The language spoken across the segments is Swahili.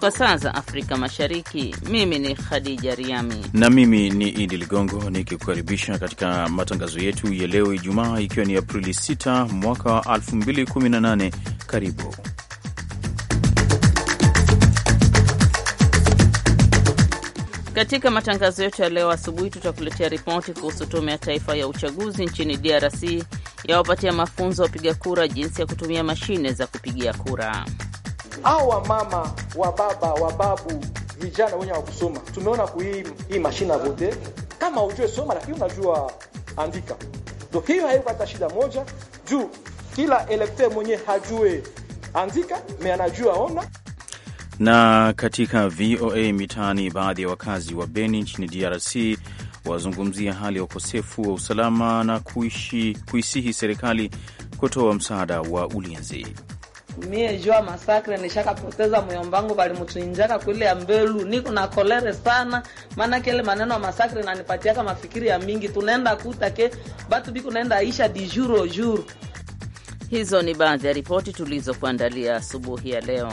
kwa saa za Afrika Mashariki. Mimi ni Khadija Riami na mimi ni Idi Ligongo nikikukaribisha katika matangazo yetu ya leo Ijumaa, ikiwa ni Aprili 6 mwaka wa 2018. Karibu Katika matangazo yetu ya leo asubuhi tutakuletea ripoti kuhusu tume ya taifa ya uchaguzi nchini DRC yawapatia mafunzo wapiga kura jinsi ya kutumia mashine za kupigia kura au mama wa baba wa babu vijana wenye wa kusoma, tumeona ku hii mashine vote, kama ujue soma lakini unajua andika, donc hiyo haipata shida moja juu kila elekte mwenye hajue andika me anajua ona. Na katika VOA Mitaani, baadhi ya wakazi wa Beni nchini DRC wazungumzia hali ya ukosefu wa usalama na kuishi kuisihi serikali kutoa msaada wa ulinzi mie jua masakre nishakapoteza muyombangu valimuchinjaka kwile ya mbelu, niko na kolere sana, maana kele maneno ya masakre nanipatiaka mafikiri ya mingi, tunaenda kuta ke batu biku naenda isha di juro. Hizo ni baadhi ya ripoti tulizokuandalia asubuhi ya leo.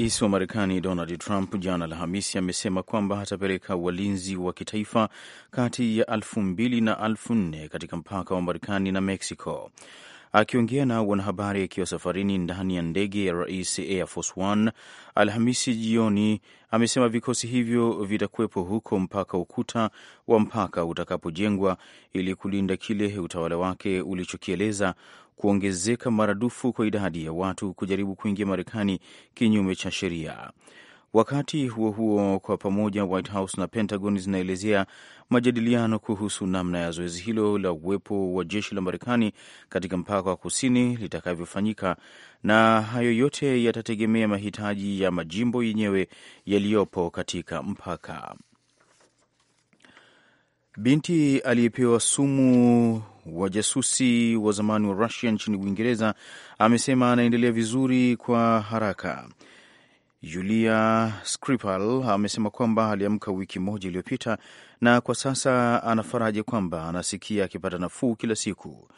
Rais wa Marekani Donald Trump jana Alhamisi amesema kwamba atapeleka walinzi wa kitaifa kati ya elfu mbili na elfu nne katika mpaka wa Marekani na Mexico. Akiongea na wanahabari akiwa safarini ndani ya ndege ya rais Air Force One Alhamisi jioni, amesema vikosi hivyo vitakuwepo huko mpaka ukuta wa mpaka utakapojengwa ili kulinda kile utawala wake ulichokieleza kuongezeka maradufu kwa idadi ya watu kujaribu kuingia Marekani kinyume cha sheria. Wakati huo huo, kwa pamoja White House na Pentagon zinaelezea majadiliano kuhusu namna ya zoezi hilo la uwepo wa jeshi la Marekani katika mpaka wa kusini litakavyofanyika, na hayo yote yatategemea mahitaji ya majimbo yenyewe yaliyopo katika mpaka. Binti aliyepewa sumu wa jasusi wa zamani wa Rusia nchini Uingereza amesema anaendelea vizuri kwa haraka. Julia Skripal amesema kwamba aliamka wiki moja iliyopita na kwa sasa anafaraja kwamba anasikia akipata nafuu kila siku,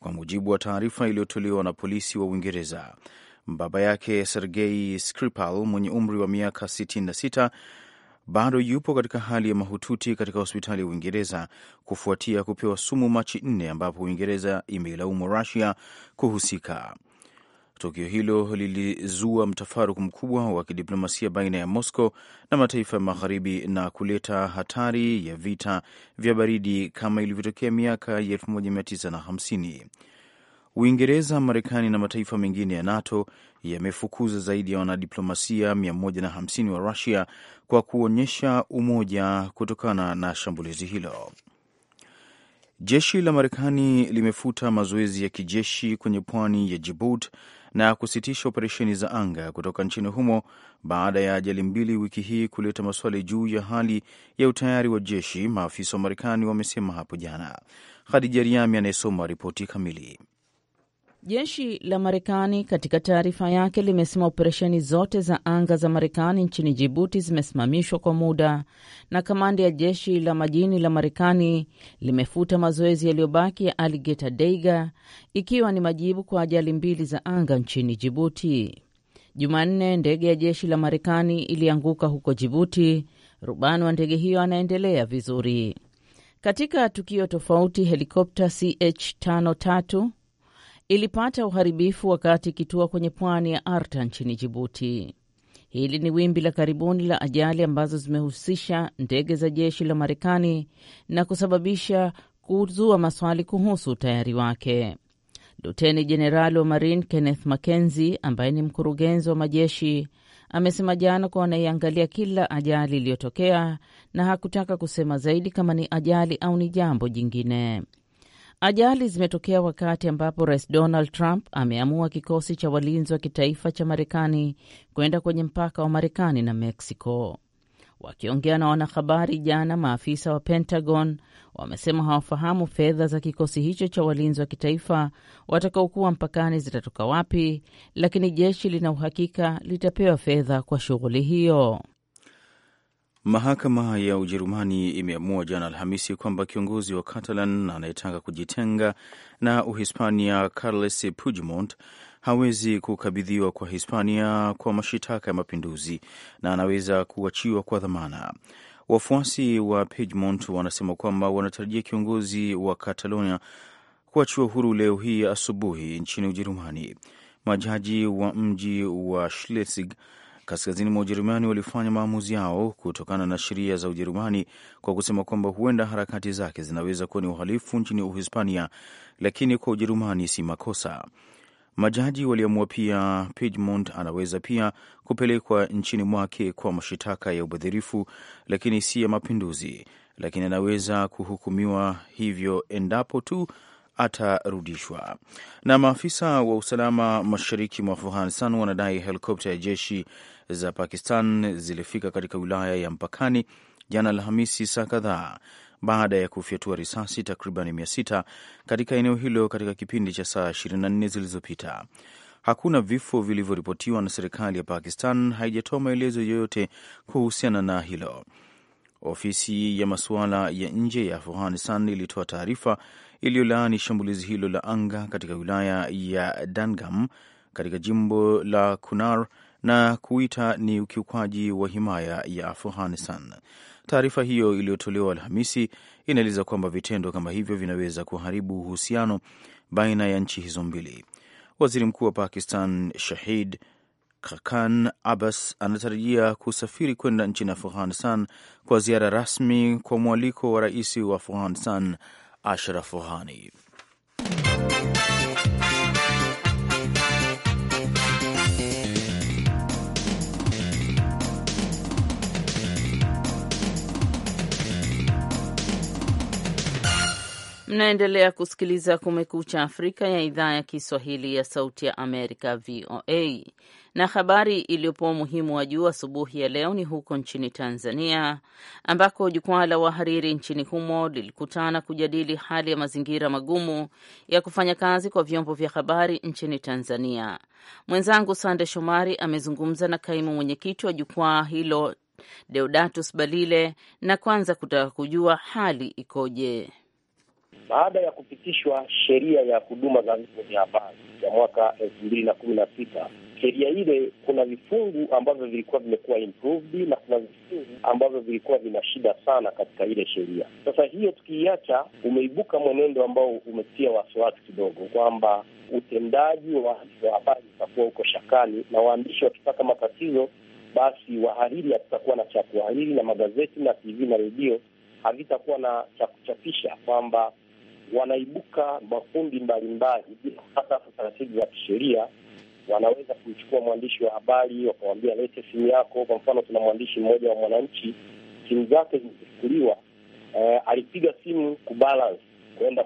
kwa mujibu wa taarifa iliyotolewa na polisi wa Uingereza. Baba yake Sergei Skripal mwenye umri wa miaka 66 bado yupo katika hali ya mahututi katika hospitali ya Uingereza kufuatia kupewa sumu Machi nne, ambapo Uingereza imeilaumu Rusia kuhusika. Tukio hilo lilizua mtafaruku mkubwa wa kidiplomasia baina ya Moscow na mataifa ya Magharibi na kuleta hatari ya vita vya baridi kama ilivyotokea miaka ya 1950. Uingereza, Marekani na mataifa mengine ya NATO yamefukuza zaidi ya wanadiplomasia 150 wa Rusia kwa kuonyesha umoja kutokana na shambulizi hilo. Jeshi la Marekani limefuta mazoezi ya kijeshi kwenye pwani ya Djibouti na kusitisha operesheni za anga kutoka nchini humo baada ya ajali mbili wiki hii kuleta maswali juu ya hali ya utayari wa jeshi, maafisa wa Marekani wamesema hapo jana. Khadija Riami anayesoma ripoti kamili. Jeshi la Marekani katika taarifa yake limesema operesheni zote za anga za Marekani nchini Jibuti zimesimamishwa kwa muda na kamanda ya jeshi la majini la Marekani limefuta mazoezi yaliyobaki ya aligeta deiga ikiwa ni majibu kwa ajali mbili za anga nchini Jibuti. Jumanne ndege ya jeshi la Marekani ilianguka huko Jibuti. Rubani wa ndege hiyo anaendelea vizuri. Katika tukio tofauti, helikopta CH53 ilipata uharibifu wakati ikitua kwenye pwani ya Arta nchini Jibuti. Hili ni wimbi la karibuni la ajali ambazo zimehusisha ndege za jeshi la Marekani na kusababisha kuzua maswali kuhusu utayari wake. Luteni Jenerali wa Marine Kenneth Mackenzie, ambaye ni mkurugenzi wa majeshi, amesema jana kuwa anaiangalia kila ajali iliyotokea na hakutaka kusema zaidi kama ni ajali au ni jambo jingine. Ajali zimetokea wakati ambapo Rais Donald Trump ameamua kikosi cha walinzi wa kitaifa cha Marekani kwenda kwenye mpaka wa Marekani na Meksiko. Wakiongea na wanahabari jana, maafisa wa Pentagon wamesema hawafahamu fedha za kikosi hicho cha walinzi wa kitaifa watakaokuwa mpakani zitatoka wapi, lakini jeshi lina uhakika litapewa fedha kwa shughuli hiyo. Mahakama ya Ujerumani imeamua jana Alhamisi kwamba kiongozi wa Catalan anayetaka kujitenga na Uhispania Carles Puigdemont hawezi kukabidhiwa kwa Hispania kwa mashitaka ya mapinduzi na anaweza kuachiwa kwa dhamana. Wafuasi wa Puigdemont wanasema kwamba wanatarajia kiongozi wa Catalonia kuachiwa huru leo hii asubuhi nchini Ujerumani. Majaji wa mji wa Schleswig kaskazini mwa Ujerumani walifanya maamuzi yao kutokana na sheria za Ujerumani kwa kusema kwamba huenda harakati zake zinaweza kuwa ni uhalifu nchini Uhispania, lakini kwa Ujerumani si makosa. Majaji waliamua pia Piedmont anaweza pia kupelekwa nchini mwake kwa mashitaka ya ubadhirifu, lakini si ya mapinduzi, lakini anaweza kuhukumiwa hivyo endapo tu atarudishwa. Na maafisa wa usalama mashariki mwa Afghanistan wanadai helikopta ya jeshi za Pakistan zilifika katika wilaya ya mpakani jana Alhamisi saa kadhaa baada ya kufyatua risasi takriban mia sita katika eneo hilo katika kipindi cha saa 24 zilizopita. Hakuna vifo vilivyoripotiwa na serikali ya Pakistan haijatoa maelezo yoyote kuhusiana na hilo. Ofisi ya masuala ya nje ya Afghanistan ilitoa taarifa iliyolaani shambulizi hilo la anga katika wilaya ya Dangam katika jimbo la Kunar na kuita ni ukiukwaji wa himaya ya Afghanistan. Taarifa hiyo iliyotolewa Alhamisi inaeleza kwamba vitendo kama hivyo vinaweza kuharibu uhusiano baina ya nchi hizo mbili. Waziri Mkuu wa Pakistan Shahid kakan Abbas anatarajia kusafiri kwenda nchini Afghanistan kwa ziara rasmi kwa mwaliko wa rais wa Afghanistan Ashraf Ghani. Mnaendelea kusikiliza Kumekucha Afrika ya idhaa ya Kiswahili ya Sauti ya Amerika, VOA. Na habari iliyopewa umuhimu wa juu asubuhi ya leo ni huko nchini Tanzania, ambako jukwaa la wahariri nchini humo lilikutana kujadili hali ya mazingira magumu ya kufanya kazi kwa vyombo vya habari nchini Tanzania. Mwenzangu Sande Shomari amezungumza na kaimu mwenyekiti wa jukwaa hilo Deodatus Balile, na kwanza kutaka kujua hali ikoje baada ya kupitishwa sheria ya huduma za vyombo vya habari ya mwaka elfu mbili na kumi na sita sheria ile kuna vifungu ambavyo vilikuwa vimekuwa improved na kuna vifungu ambavyo vilikuwa vina shida sana katika ile sheria. Sasa hiyo tukiiacha, umeibuka mwenendo ambao umetia wasiwasi kidogo kwamba utendaji wa habari utakuwa uko shakani, na waandishi wakipata matatizo, basi wahariri hatutakuwa na cha kuhariri na magazeti na TV na redio havitakuwa na cha kuchapisha kwamba wanaibuka makundi mbalimbali bila hata taratibu za kisheria. Wanaweza kumchukua mwandishi wa habari wakamwambia, lete simu yako. Kwa mfano, tuna mwandishi mmoja wa Mwananchi, simu zake zimechukuliwa. Eh, alipiga simu kubalance kwenda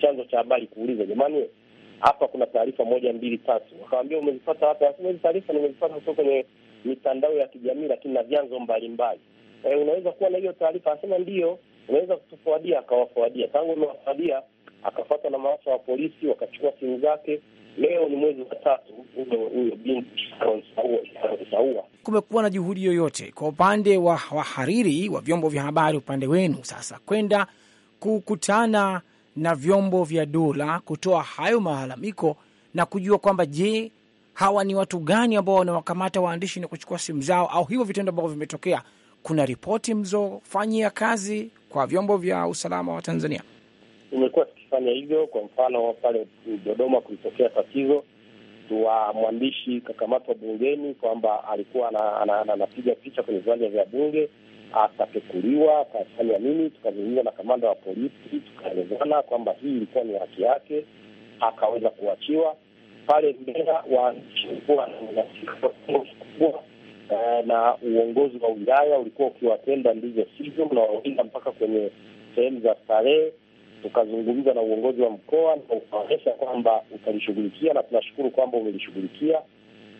chanzo cha habari kuuliza, jamani, hapa kuna taarifa moja mbili tatu. Wakawambia, umezipata wapi? Asema, hizi taarifa nimezipata kutoka kwenye mitandao ya kijamii, lakini na vyanzo mbalimbali. Eh, unaweza kuwa na hiyo taarifa? anasema ndio unaweza kutufuadia, akawafuadia tangu amewafuadia akafatwa na maafisa wa polisi, wakachukua simu zake. Leo ni mwezi wa tatu, huyo huyo binti Saua. Kumekuwa na juhudi yoyote kwa upande wa wahariri wa vyombo vya habari, upande wenu sasa kwenda kukutana na vyombo vya dola kutoa hayo malalamiko na kujua kwamba je, hawa ni watu gani ambao wanawakamata waandishi na kuchukua simu zao, au hivyo vitendo ambavyo vimetokea kuna ripoti mlizofanyia kazi kwa vyombo vya usalama wa Tanzania? Tumekuwa tukifanya hivyo. Kwa mfano, pale Dodoma kulitokea tatizo wa mwandishi kakamatwa bungeni kwamba alikuwa anapiga picha kwenye viwanja vya bunge, akapekuliwa, akafanya nini. Tukazungumza na kamanda wa polisi, tukaelezana kwamba hii ilikuwa ni haki yake, akaweza kuachiwa. Pale Mbeya waandishi walikuwa wananyanyasika kikubwa Eh, na uongozi wa wilaya ulikuwa ukiwatenda ndivyo sivyo, mnawawinda mpaka kwenye sehemu za starehe. Tukazungumza na uongozi wa mkoa na ukaonyesha kwamba utalishughulikia, na tunashukuru kwamba umelishughulikia.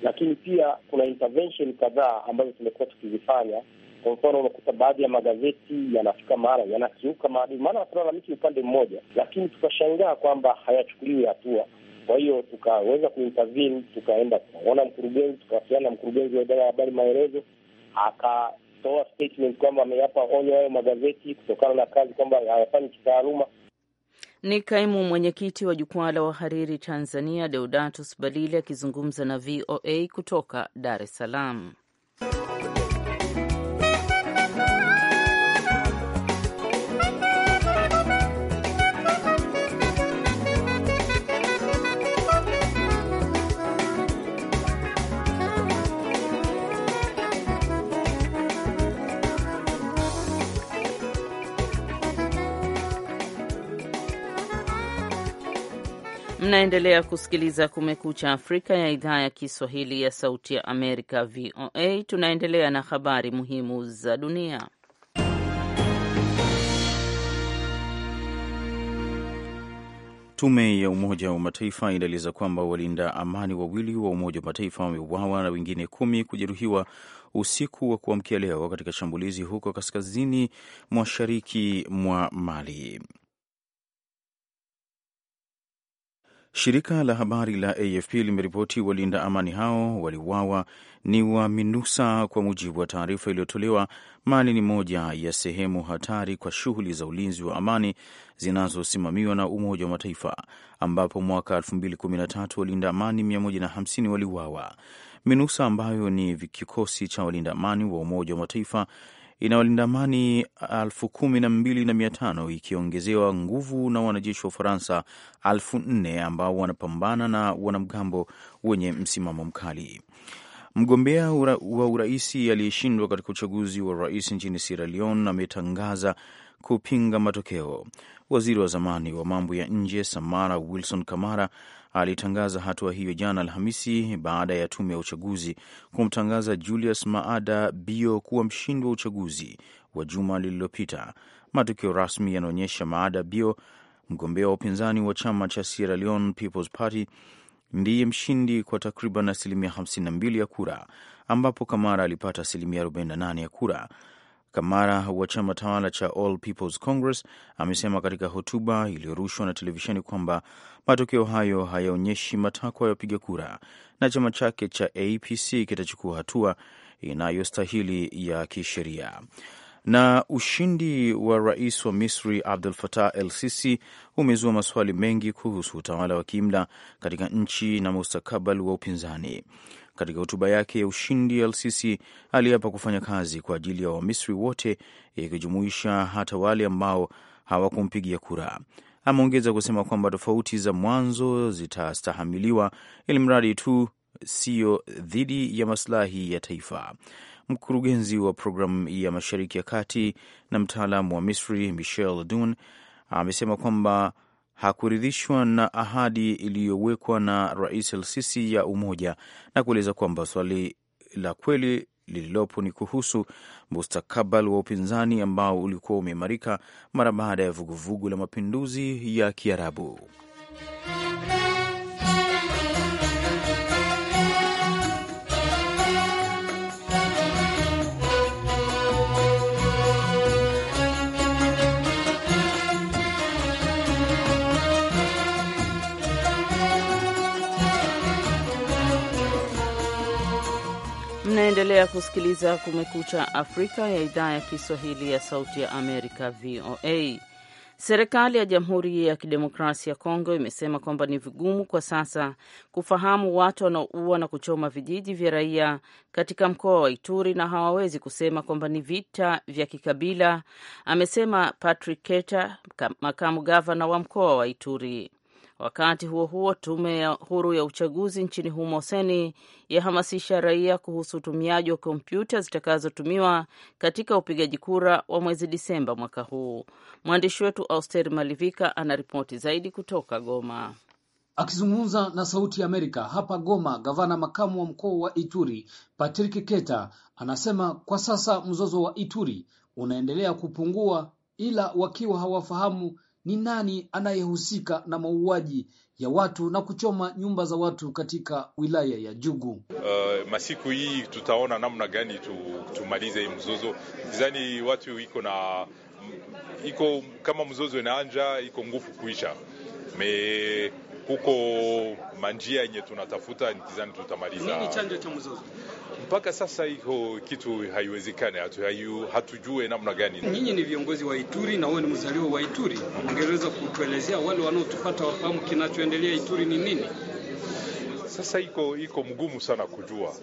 Lakini pia kuna intervention kadhaa ambazo tumekuwa tukizifanya. Kwa mfano, unakuta baadhi ya magazeti yanafika mara yanakiuka maadili, maana hatulalamiki upande mmoja, lakini tukashangaa kwamba hayachukuliwi hatua kwa hiyo tukaweza kuintervene, tukaenda tukaona mkurugenzi, tukawasiliana na mkurugenzi wa idara ya habari maelezo, akatoa statement kwamba ameyapa onyo hayo magazeti kutokana na kazi kwamba hayafanyi kitaaluma. Ni kaimu mwenyekiti wa jukwaa la wahariri Tanzania, Deodatus Balile akizungumza na VOA kutoka Dar es Salaam. Mnaendelea kusikiliza Kumekucha Afrika ya idhaa ya Kiswahili ya Sauti ya Amerika, VOA. Tunaendelea na habari muhimu za dunia. Tume ya Umoja wa Mataifa inaeleza kwamba walinda amani wawili wa Umoja wa Mataifa wameuawa na wengine kumi kujeruhiwa usiku wa kuamkia leo katika shambulizi huko kaskazini mashariki mwa Mali. Shirika la habari la AFP limeripoti walinda amani hao waliuawa ni wa minusa, kwa mujibu wa taarifa iliyotolewa. Mali ni moja ya sehemu hatari kwa shughuli za ulinzi wa amani zinazosimamiwa na Umoja wa Mataifa, ambapo mwaka 2013 walinda amani 150 waliuawa. Minusa ambayo ni kikosi cha walinda amani wa Umoja wa Mataifa inayolinda amani elfu kumi na mbili na mia tano ikiongezewa nguvu na wanajeshi wa Ufaransa elfu nne ambao wanapambana na wanamgambo wenye msimamo mkali. Mgombea ura, wa uraisi aliyeshindwa katika uchaguzi wa rais nchini Sierra Leone ametangaza kupinga matokeo. Waziri wa zamani wa mambo ya nje Samara Wilson Kamara alitangaza hatua hiyo jana Alhamisi baada ya tume ya uchaguzi kumtangaza Julius Maada Bio kuwa mshindi wa uchaguzi wa juma lililopita. Matokeo rasmi yanaonyesha Maada Bio, mgombea wa upinzani wa chama cha Sierra Leone People's Party, ndiye mshindi kwa takriban asilimia 52 ya kura, ambapo Kamara alipata asilimia 48 ya kura Kamara wa chama tawala cha All People's Congress amesema katika hotuba iliyorushwa na televisheni kwamba matokeo hayo hayaonyeshi matakwa ya wapiga kura na chama chake cha APC kitachukua hatua inayostahili ya kisheria. Na ushindi wa rais wa Misri abdul fatah El Sisi umezua maswali mengi kuhusu utawala wa kiimla katika nchi na mustakabali wa upinzani. Katika hotuba yake ya ushindi, Al-Sisi aliapa kufanya kazi kwa ajili ya Wamisri wote, ikijumuisha hata wale ambao hawakumpigia kura. Ameongeza kusema kwamba tofauti za mwanzo zitastahamiliwa ili mradi tu siyo dhidi ya masilahi ya taifa. Mkurugenzi wa programu ya Mashariki ya Kati na mtaalamu wa Misri Michel Dun amesema kwamba hakuridhishwa na ahadi iliyowekwa na Rais El-Sisi ya umoja na kueleza kwamba swali la kweli lililopo ni kuhusu mustakabali wa upinzani ambao ulikuwa umeimarika mara baada ya vuguvugu la mapinduzi ya Kiarabu. Unaendelea kusikiliza Kumekucha Afrika ya idhaa ya Kiswahili ya Sauti ya Amerika, VOA. Serikali ya Jamhuri ya Kidemokrasia ya Kongo imesema kwamba ni vigumu kwa sasa kufahamu watu wanaoua na kuchoma vijiji vya raia katika mkoa wa Ituri na hawawezi kusema kwamba ni vita vya kikabila, amesema Patrick Keta, makamu gavana wa mkoa wa Ituri. Wakati huo huo, tume ya huru ya uchaguzi nchini humo seni yahamasisha raia kuhusu utumiaji wa kompyuta zitakazotumiwa katika upigaji kura wa mwezi Disemba mwaka huu. Mwandishi wetu Auster Malivika anaripoti zaidi kutoka Goma. Akizungumza na Sauti ya Amerika hapa Goma, gavana makamu wa mkoa wa Ituri Patrick Keta anasema kwa sasa mzozo wa Ituri unaendelea kupungua, ila wakiwa hawafahamu ni nani anayehusika na mauaji ya watu na kuchoma nyumba za watu katika wilaya ya Jugu. Uh, masiku hii tutaona namna gani tu, tumalize hii mzozo. Sidhani watu iko na iko kama mzozo inaanja iko nguvu kuisha me huko manjia yenye tunatafuta, kizani tutamaliza. Nini chanzo cha mzozo? mpaka sasa hiyo kitu haiwezekani, hatujue namna gani. Nyinyi ni viongozi wa Ituri na wewe ni mzaliwa wa Ituri, ungeweza kutuelezea wale wanaotupata wafahamu kinachoendelea Ituri ni nini? Sasa iko iko mgumu sana kujua,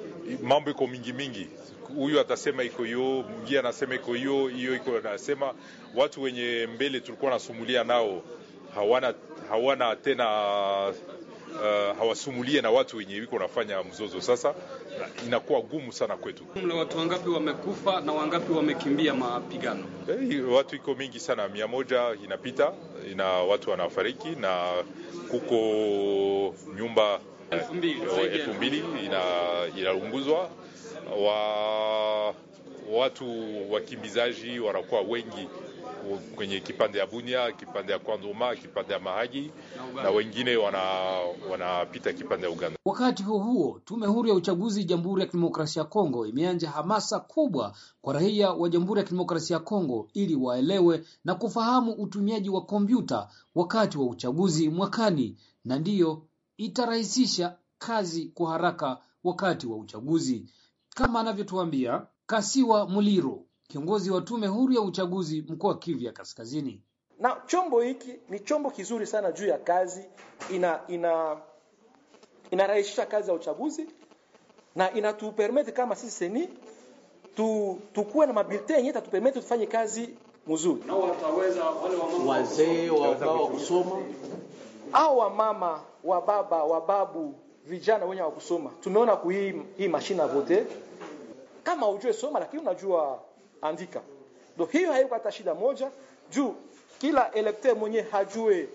mambo iko mingi mingi. Huyu atasema iko hiyo, mwingine anasema iko hiyo hiyo, iko anasema watu wenye mbele tulikuwa nasumulia nao hawana hawana tena uh, hawasumulie na watu wenye wiko wanafanya mzozo sasa, uh, inakuwa gumu sana kwetu. Mle watu wangapi wamekufa na wangapi wamekimbia mapigano? Hey, eh, watu iko mingi sana, mia moja inapita na watu wanafariki na kuko nyumba eh, elfu mbili oh, inaunguzwa wa, watu wakimbizaji wanakuwa wengi kwenye kipande ya Bunia, kipande ya Kwandoma, kipande ya Mahagi na, na wengine wanapita wana kipande ya Uganda. Wakati huo huo, tume huru ya uchaguzi Jamhuri ya Kidemokrasia ya Kongo imeanja hamasa kubwa kwa raia wa Jamhuri ya Kidemokrasia ya Kongo ili waelewe na kufahamu utumiaji wa kompyuta wakati wa uchaguzi mwakani, na ndiyo itarahisisha kazi kwa haraka wakati wa uchaguzi, kama anavyotuambia Kasiwa Muliro kiongozi wa tume huru ya uchaguzi mkoa wa Kivu ya Kaskazini. Na chombo hiki ni chombo kizuri sana juu ya kazi, ina ina inarahisisha kazi ya uchaguzi na inatupermete kama sisi seni tu tukuwe na mabilte yenye tatupermete tufanye kazi mzuri. Wazee wa kusoma au wamama wa baba wa babu vijana wenye wa kusoma, tumeona kuhii hii mashine ya vote, kama ujue soma lakini unajua andika. Ndio hiyo haiko hata shida moja juu kila elekteur mwenye hajue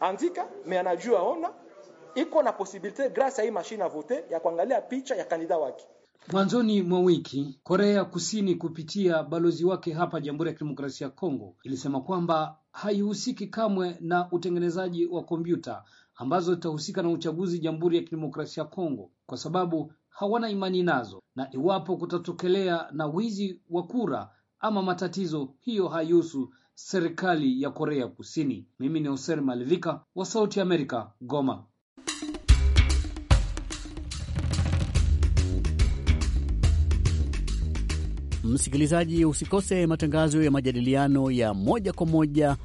andika me anajua ona iko na posibilite grâce ya hii mashine à voter ya kuangalia picha ya kandida wake. Mwanzoni mwa wiki Korea Kusini kupitia balozi wake hapa Jamhuri ya Kidemokrasia ya Kongo ilisema kwamba haihusiki kamwe na utengenezaji wa kompyuta ambazo zitahusika na uchaguzi Jamhuri ya Kidemokrasia ya Kongo kwa sababu hawana imani nazo, na iwapo kutatokelea na wizi wa kura ama matatizo, hiyo haihusu serikali ya Korea Kusini. Mimi ni Hoser Malivika wa Sauti Amerika, Goma. Msikilizaji, usikose matangazo ya majadiliano ya moja kwa moja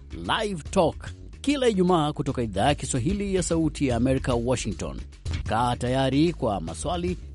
Live Talk kila Ijumaa kutoka idhaa ya Kiswahili ya Sauti ya Amerika, Washington. Kaa tayari kwa maswali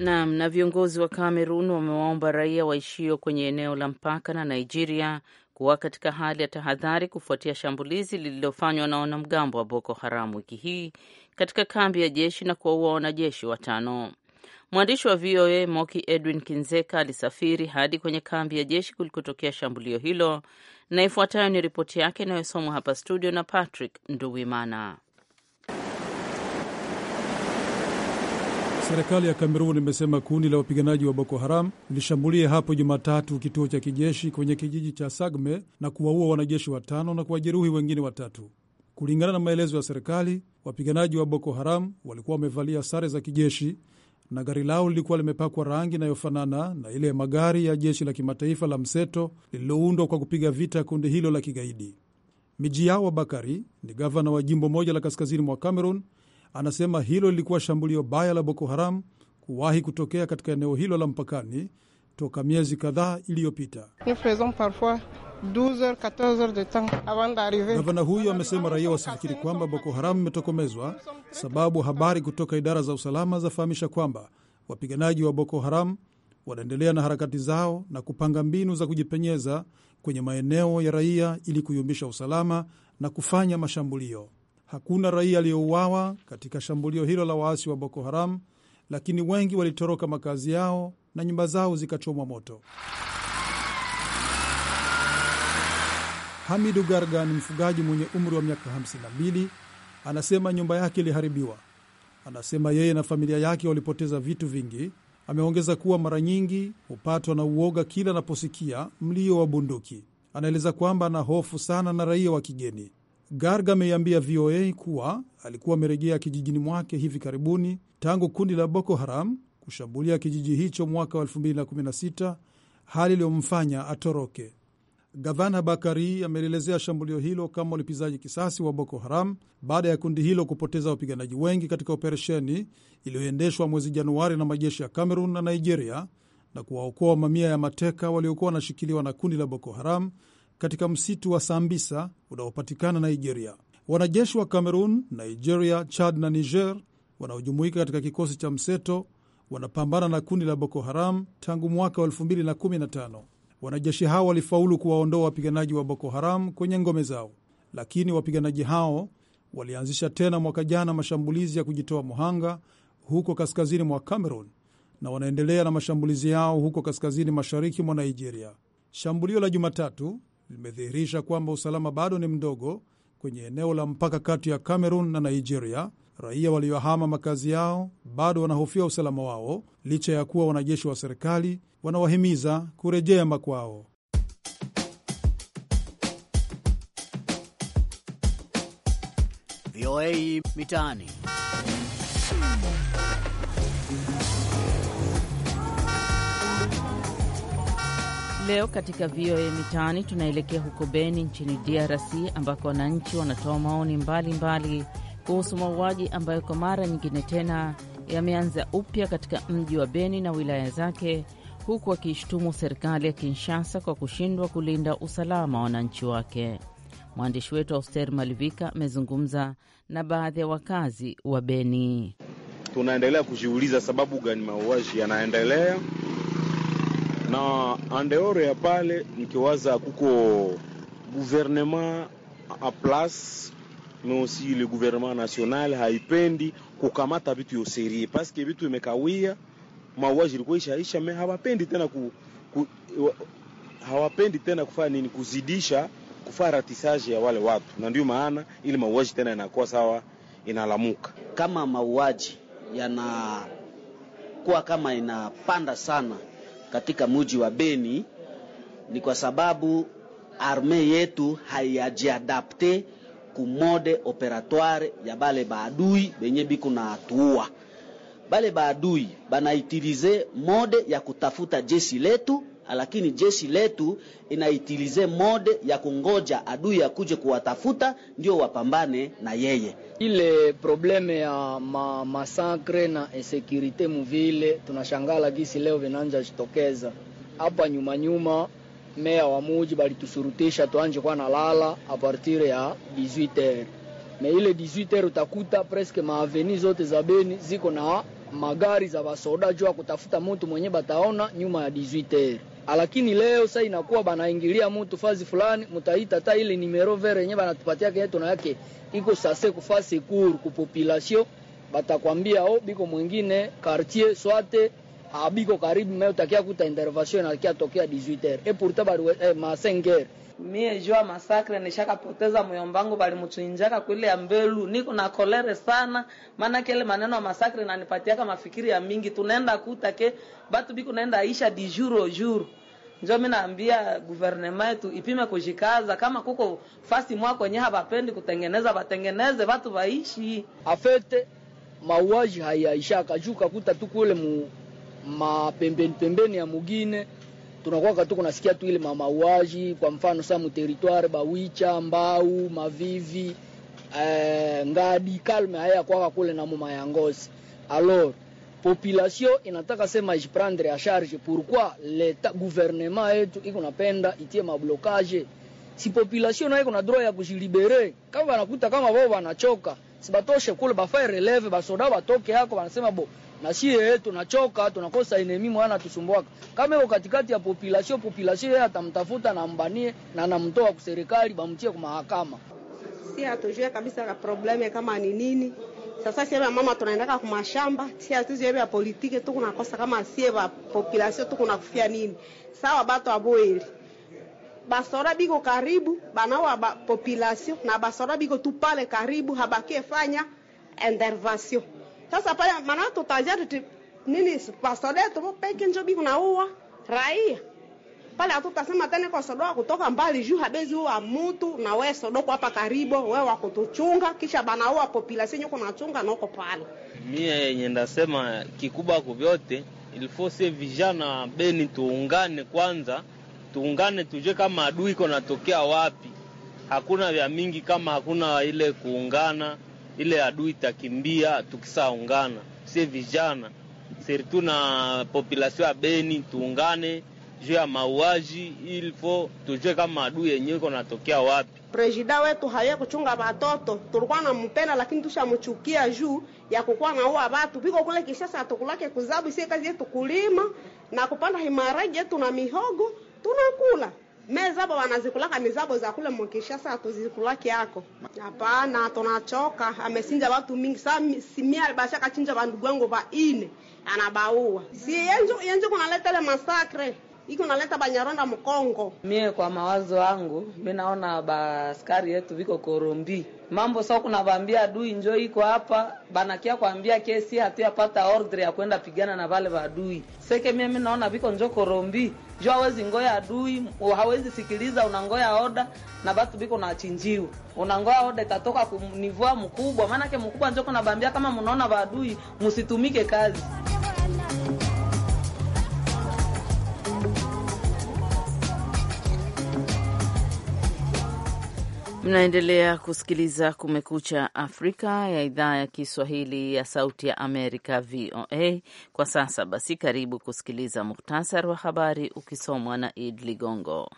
Naam, na viongozi wa Kamerun wamewaomba raia waishio kwenye eneo la mpaka na Nigeria kuwa katika hali ya tahadhari kufuatia shambulizi lililofanywa na wanamgambo wa Boko Haram wiki hii katika kambi ya jeshi na kuwaua wanajeshi watano. Mwandishi wa VOA Moki Edwin Kinzeka alisafiri hadi kwenye kambi ya jeshi kulikotokea shambulio hilo, na ifuatayo ni ripoti yake inayosomwa hapa studio na Patrick Nduwimana. Serikali ya Kamerun imesema kundi la wapiganaji wa Boko Haram lilishambulia hapo Jumatatu kituo cha kijeshi kwenye kijiji cha Sagme na kuwaua wanajeshi watano na kuwajeruhi wengine watatu. Kulingana na maelezo ya serikali, wapiganaji wa Boko Haram walikuwa wamevalia sare za kijeshi na gari lao lilikuwa limepakwa rangi inayofanana na ile ya magari ya jeshi la kimataifa la mseto lililoundwa kwa kupiga vita kundi hilo la kigaidi. Miji yao wa Bakari ni gavana wa jimbo moja la kaskazini mwa Cameroon anasema hilo lilikuwa shambulio baya la Boko Haram kuwahi kutokea katika eneo hilo la mpakani toka miezi kadhaa iliyopita. Gavana huyo amesema raia wasifikiri kwamba Boko Haram imetokomezwa, sababu habari kutoka idara za usalama zafahamisha kwamba wapiganaji wa Boko Haram wanaendelea na harakati zao na kupanga mbinu za kujipenyeza kwenye maeneo ya raia ili kuyumbisha usalama na kufanya mashambulio. Hakuna raia aliyouawa katika shambulio hilo la waasi wa Boko Haram, lakini wengi walitoroka makazi yao na nyumba zao zikachomwa moto. Hamidu Garga ni mfugaji mwenye umri wa miaka 52. Anasema nyumba yake iliharibiwa. Anasema yeye na familia yake walipoteza vitu vingi. Ameongeza kuwa mara nyingi hupatwa na uoga kila anaposikia mlio wa bunduki. Anaeleza kwamba ana hofu sana na raia wa kigeni. Garga ameiambia VOA kuwa alikuwa amerejea kijijini mwake hivi karibuni tangu kundi la Boko Haram kushambulia kijiji hicho mwaka wa 2016, hali iliyomfanya atoroke. Gavana Bakari ameelezea shambulio hilo kama ulipizaji kisasi wa Boko Haram baada ya kundi hilo kupoteza wapiganaji wengi katika operesheni iliyoendeshwa mwezi Januari na majeshi ya Cameroon na Nigeria na kuwaokoa mamia ya mateka waliokuwa wanashikiliwa na kundi la Boko Haram katika msitu wa Sambisa unaopatikana Nigeria. Wanajeshi wa Cameroon, Nigeria, Chad na Niger wanaojumuika katika kikosi cha mseto wanapambana na kundi la Boko Haram tangu mwaka wa 2015. Wanajeshi hao walifaulu kuwaondoa wapiganaji wa Boko Haram kwenye ngome zao, lakini wapiganaji hao walianzisha tena mwaka jana mashambulizi ya kujitoa muhanga huko kaskazini mwa Cameroon na wanaendelea na mashambulizi yao huko kaskazini mashariki mwa Nigeria. Shambulio la Jumatatu limedhihirisha kwamba usalama bado ni mdogo kwenye eneo la mpaka kati ya Cameroon na Nigeria. Raia waliohama makazi yao bado wanahofia usalama wao licha ya kuwa wanajeshi wa serikali wanawahimiza kurejea makwao. VOA Mitaani. Leo katika VOA Mitaani tunaelekea huko Beni nchini DRC ambako wananchi wanatoa maoni mbalimbali kuhusu mauaji ambayo kwa mara nyingine tena yameanza upya katika mji wa Beni na wilaya zake, huku wakiishtumu serikali ya Kinshasa kwa kushindwa kulinda usalama wa wananchi wake. Mwandishi wetu Auster Malivika amezungumza na baadhi ya wakazi wa Beni. Tunaendelea kujiuliza sababu gani mauaji yanaendelea na andeore ya pale nikiwaza kuko gouvernement a place mais aussi le gouvernement national haipendi kukamata vitu yo serie que vitu imekawia, mauaji ilikuwa ishaisha, me hawapendi tena ku, ku, hawapendi tena kufanya nini, kuzidisha kufanya ratisage ya wale watu, na ndio maana ili mauaji tena inakuwa sawa inalamuka. Kama mauaji yanakuwa kama inapanda sana katika mji wa Beni ni kwa sababu arme yetu haiajiadapte ku mode operatoire ya bale baadui benye biku na atuua. Bale baadui banaitilize mode ya kutafuta jeshi letu lakini jeshi letu inaitilize mode ya kungoja adui akuje kuwatafuta ndio wapambane na yeye. Ile probleme ya ma masakre na insecurite muvile, tunashangala gisi leo vinanja jitokeza hapa nyuma nyuma meya wa muji balitusurutisha tuanje kwa nalala a partir ya 18h me ile 18h utakuta presque maaveni zote za Beni ziko na magari za basoda jua kutafuta mutu mwenye bataona nyuma ya 18h. Ah, lakini leo sasa inakuwa banaingilia mtu fazi fulani, mutaita hata ile numero vere yenyewe banatupatia kile tuna yake iko sasa kufasi kuru ku population, batakwambia oh, biko mwingine quartier swate abiko ah, karibu mimi utakia kuta intervention alikia tokea 18h et pourtant ba eh, ma 5h mie jua masakre nishakapoteza moyo mbangu, balimuchinjaka ya mbelu Niko na kolere sana, maana kele maneno ya masakre nanipatiaka mafikiri ya mingi. Tunaenda kuta ke batu biko naenda isha di jour au jour. Njo mimi naambia guvernema yetu ipime kujikaza, kama kuko fasi mwa kwenye habapendi kutengeneza batengeneze, batu baishi afete. Mauaji hayaishaka juu kakuta tu kule mu mapembeni pembeni ya mugine tunakuwa tu kunasikia tu ile mauaji, kwa mfano saa muteritware Bawicha, Mbau, Mavivi, eh, Ngadi, Kalme haya kwa kule na mama ya ngozi alors population inataka sema ijiprendre a charge. Pourquoi leta gouvernement yetu iko napenda itie mablokage? Si population nayo kuna droit ya kujilibere, kama wanakuta kama wao wanachoka, sibatoshe kule bafaire releve, basoda batoke yako, wanasema bo na sie eh, tunachoka, tunakosa enemi mwana tusumbuaka kama iko katikati ya population. Population yeye atamtafuta na mbanie na anamtoa kwa serikali, bamtie kwa mahakama. Si atujue kabisa na probleme kama ni nini. Sasa sie ba mama tunaendaka kwa mashamba, si atujue ya politike tu kunakosa kama sie ba population tu kunakufia nini. Sawa bato aboeli basora biko karibu banawa ba population na basora biko tu pale karibu habakie fanya intervention sasa pale maana tutajia tuti nini pasole tupo peke njobi kunaua raia. Pale hatutasema tena kwa sodoa kutoka mbali juu habezi huwa mtu na wewe sodoko hapa karibu wewe wa kutuchunga kisha banaua population yuko nachunga na uko pale. Mie yenye ndasema kikubwa kwa vyote ilifose vijana Beni tuungane kwanza, tuungane tujue kama adui iko natokea wapi. Hakuna vya mingi kama hakuna ile kuungana ile adui itakimbia tukisaungana, sie vijana seritu na populasio ya Beni tuungane juu ya mauaji, ilfo tujue kama adui yenyewe iko natokea wapi. Prezida wetu haye kuchunga batoto, tulikuwa na mpenda lakini tushamuchukia juu ya kukua na uwa batu biko kule Kishasa, tukulake kuzabu sie kazi yetu kulima na kupanda himaragi yetu na mihogo tunakula mezabo wanazikulaka mezabo za kule mukishasa, atuzikulaki yako hapana, tunachoka. Amesinja watu mingi sa simia bashaka chinja bandugu wangu ba ine anabaua si yenzo kuna leta le masakre iko naleta Banyarwanda Mkongo. Mie kwa mawazo yangu, mi naona baskari yetu viko korombi mambo sawa, kuna baambia adui njoo iko hapa banakia kuambia kesi hatuyapata ordre ya kwenda pigana na vale vadui seke. Mimi naona viko njo korombi jo hawezi ngoya adui, hawezi sikiliza, unangoya oda na batu viko na chinjiwa, unangoya oda itatoka kunivua mkubwa, maanake mkubwa njo kuna kama munaona vaadui musitumike kazi Mnaendelea kusikiliza Kumekucha Afrika ya idhaa ya Kiswahili ya Sauti ya Amerika, VOA. Kwa sasa basi, karibu kusikiliza muhtasari wa habari ukisomwa na Id Ligongo.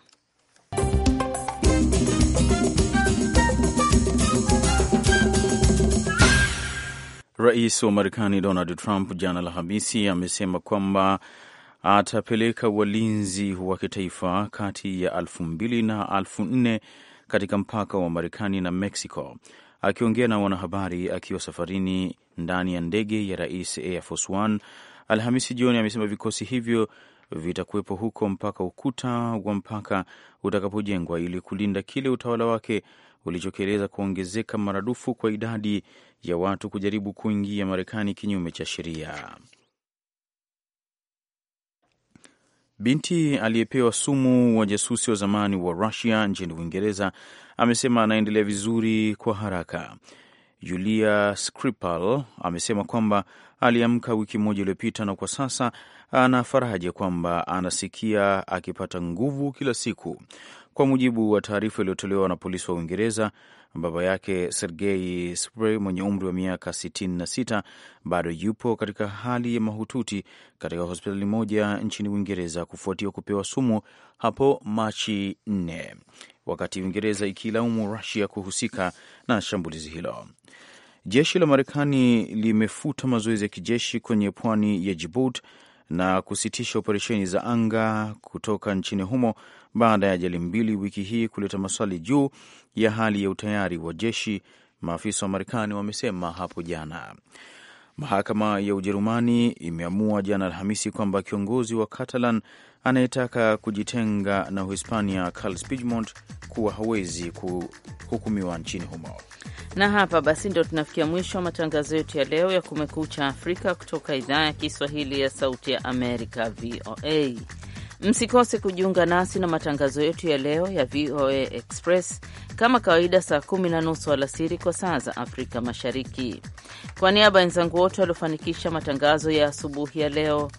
Rais wa Marekani Donald Trump jana Alhamisi amesema kwamba atapeleka walinzi wa kitaifa kati ya elfu mbili na elfu nne katika mpaka wa Marekani na Mexico. Akiongea na wanahabari akiwa safarini ndani ya ndege ya rais Air Force One Alhamisi jioni, amesema vikosi hivyo vitakuwepo huko mpaka ukuta wa mpaka utakapojengwa ili kulinda kile utawala wake ulichokieleza kuongezeka maradufu kwa idadi ya watu kujaribu kuingia Marekani kinyume cha sheria. Binti aliyepewa sumu wa jasusi wa zamani wa Rusia nchini Uingereza amesema anaendelea vizuri kwa haraka. Julia Skripal amesema kwamba aliamka wiki moja iliyopita na kwa sasa ana faraja kwamba anasikia akipata nguvu kila siku. Kwa mujibu wa taarifa iliyotolewa na polisi wa Uingereza, baba yake Sergei Spre mwenye umri wa miaka 66 bado yupo katika hali ya mahututi katika hospitali moja nchini Uingereza kufuatia kupewa sumu hapo Machi 4 wakati Uingereza ikilaumu Rusia kuhusika na shambulizi hilo. Jeshi la Marekani limefuta mazoezi ya kijeshi kwenye pwani ya jibut na kusitisha operesheni za anga kutoka nchini humo baada ya ajali mbili wiki hii kuleta maswali juu ya hali ya utayari wa jeshi, maafisa wa Marekani wamesema hapo jana. Mahakama ya Ujerumani imeamua jana Alhamisi kwamba kiongozi wa Catalan anayetaka kujitenga na Uhispania Carl Puigdemont kuwa hawezi kuhukumiwa nchini humo. Na hapa basi ndo tunafikia mwisho wa matangazo yetu ya leo ya Kumekucha Afrika kutoka idhaa ya Kiswahili ya Sauti ya Amerika, VOA. Msikose kujiunga nasi na matangazo yetu ya leo ya VOA Express kama kawaida, saa kumi na nusu alasiri kwa saa za Afrika Mashariki. Kwa niaba ya wenzangu wote waliofanikisha matangazo ya asubuhi ya leo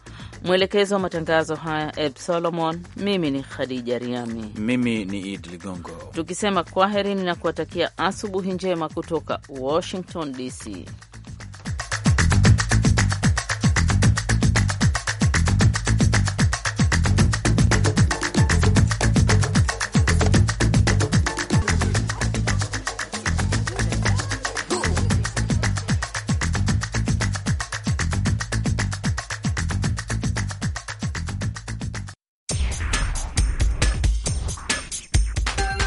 Mwelekezi wa matangazo haya Eb Solomon, mimi ni Khadija Riami, mimi ni Id Ligongo, tukisema kwaherini na kuwatakia asubuhi njema kutoka Washington DC.